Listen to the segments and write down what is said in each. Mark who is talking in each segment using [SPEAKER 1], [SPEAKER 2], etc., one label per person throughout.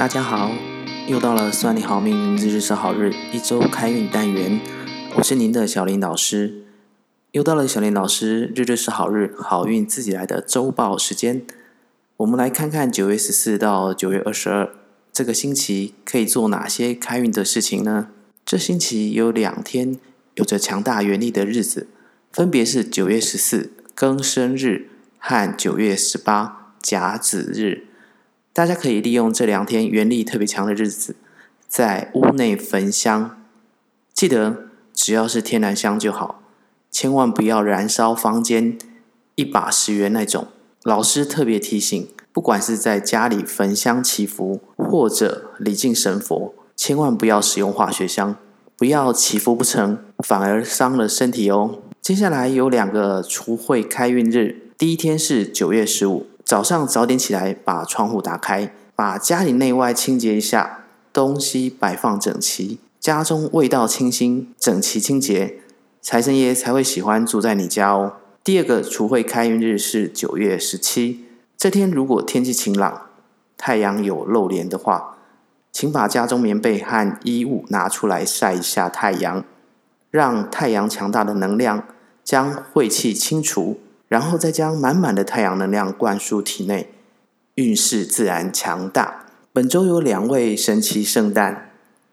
[SPEAKER 1] 大家好，又到了算你好命，日日是好日，一周開運單元，我是您的小林老師。又到了小林老師日日是好日，好運自己來的周報時間，我們來看看九月十四到九月二十二這個星期可以做哪些開運的事情呢？這星期有兩天有着強大原力的日子，分別是九月十四庚申日和九月十八甲子日。大家可以利用這兩天元力特別強的日子，在屋內焚香，記得只要是天然香就好，千萬不要燃燒坊間，一把十元那種。老師特別提醒，不管是在家裡焚香祈福，或者禮敬神佛，千萬不要使用化學香，不要祈福不成，反而傷了身體哦。接下來有兩個除穢開運日，第一天是九月十五，早上早點起來，把窗戶打開，把家裡內外清潔一下，東西擺放整齊，家中味道清新，整齊清潔，財神爺才會喜歡住在你家哦。第二個除穢開運日是九月十七，這天如果天氣晴朗，太陽有露臉的話，請把家中棉被和衣物拿出來曬一下太陽，讓太陽強大的能量將穢氣清除。然後再將滿滿的太陽能量灌輸體內，運勢自然強大。本周有兩位神祇聖誕：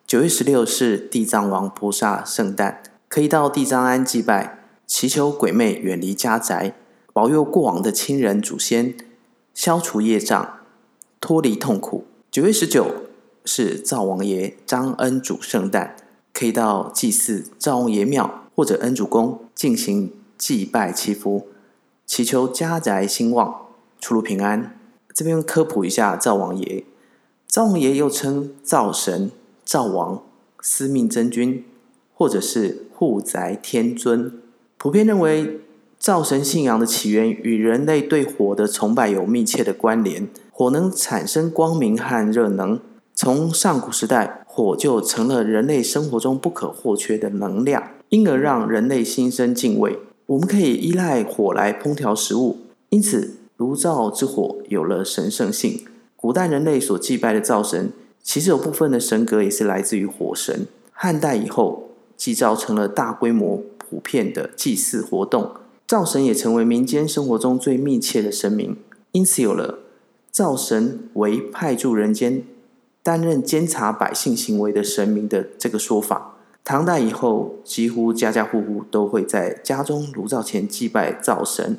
[SPEAKER 1] 九月十六是地藏王菩薩聖誕，可以到地藏庵祭拜，祈求鬼魅遠離家宅，保佑過往的親人祖先，消除業障，脫離痛苦。九月十九是灶王爺張恩主聖誕，可以到祭祀灶王爺廟或者恩主公進行祭拜祈福。祈求家宅興旺、出入平安。這邊科普一下灶王爺。灶王爺又稱灶神、灶王、司命真君，或者是護宅天尊。普遍認為，灶神信仰的起源與人類對火的崇拜有密切的關聯。火能產生光明和熱能，從上古時代，火就成了人類生活中不可或缺的能量，因而讓人類心生敬畏。我們可以依賴火來烹調食物，因此爐灶之火有了神聖性。古代人類所祭拜的灶神，其實有部分的神格也是來自於火神。漢代以後，祭灶成了大規模、普遍的祭祀活動，灶神也成為民間生活中最密切的神明，因此有了“灶神為派駐人間、擔任監察百姓行為的神明”的這個說法。唐代以後，幾乎家家戶戶都會在家中爐灶前祭拜灶神，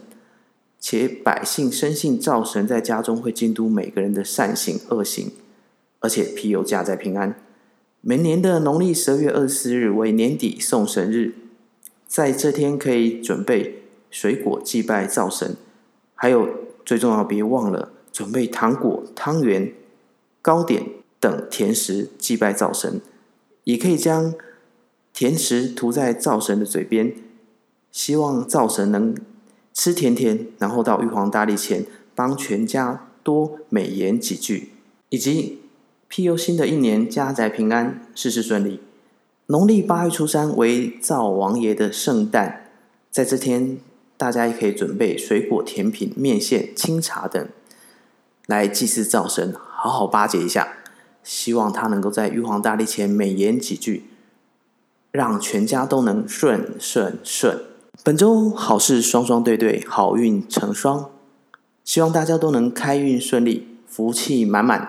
[SPEAKER 1] 且百姓深信灶神在家中會監督每個人的善行惡行，而且庇佑家宅平安。每年的農曆十二月二十四日為年底送神日，在這天可以準備水果祭拜灶神，還有最重要別忘了準備糖果、湯圓、糕點等甜食祭拜灶神，也可以將。甜食塗在灶神的嘴邊，希望灶神能吃甜甜，然後到玉皇大帝前幫全家多美言幾句，以及庇佑新的一年家宅平安、事事順利。農曆八月初三為灶王爺的聖誕，在這天大家也可以準備水果、甜品、麵線、清茶等來祭祀灶神，好好巴結一下，希望他能夠在玉皇大帝前美言幾句。讓全家都能順順順！本週好事雙雙對對，好運成雙，希望大家都能開運順利，福氣滿滿。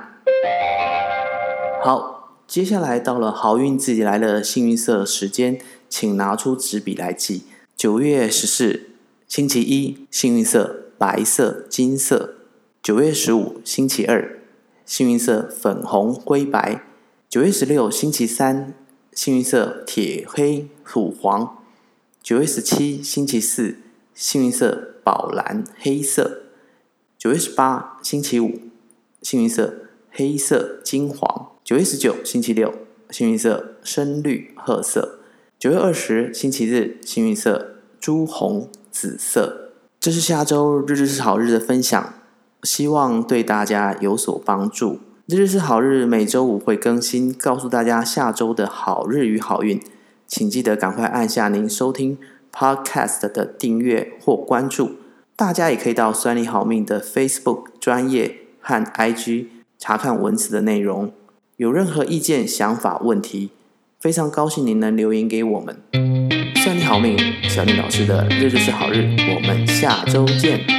[SPEAKER 1] 好，接下來到了好運自己來了幸運色時間，請拿出紙筆來記。九月十四，星期一，幸運色白色、金色；九月十五，星期二，幸運色粉紅、灰白；九月十六，星期三。幸運色鐵黑土黃，九月十七星期四幸運色寶藍黑色，九月十八星期五幸運色黑色金黃，九月十九星期六幸運色深綠褐色，九月二十星期日幸運色朱紅紫色。這是下周日日是好日的分享，希望對大家有所幫助。日日是好日，每周五會更新，告訴大家下周的好日與好運，請記得趕快按下您收聽 podcast 的訂閱或關注。大家也可以到算你好命的 Facebook 專頁和 IG 查看文字的內容。有任何意見、想法、問題，非常高興您能留言給我們。算你好命，小林老師的日日是好日，我們下周見。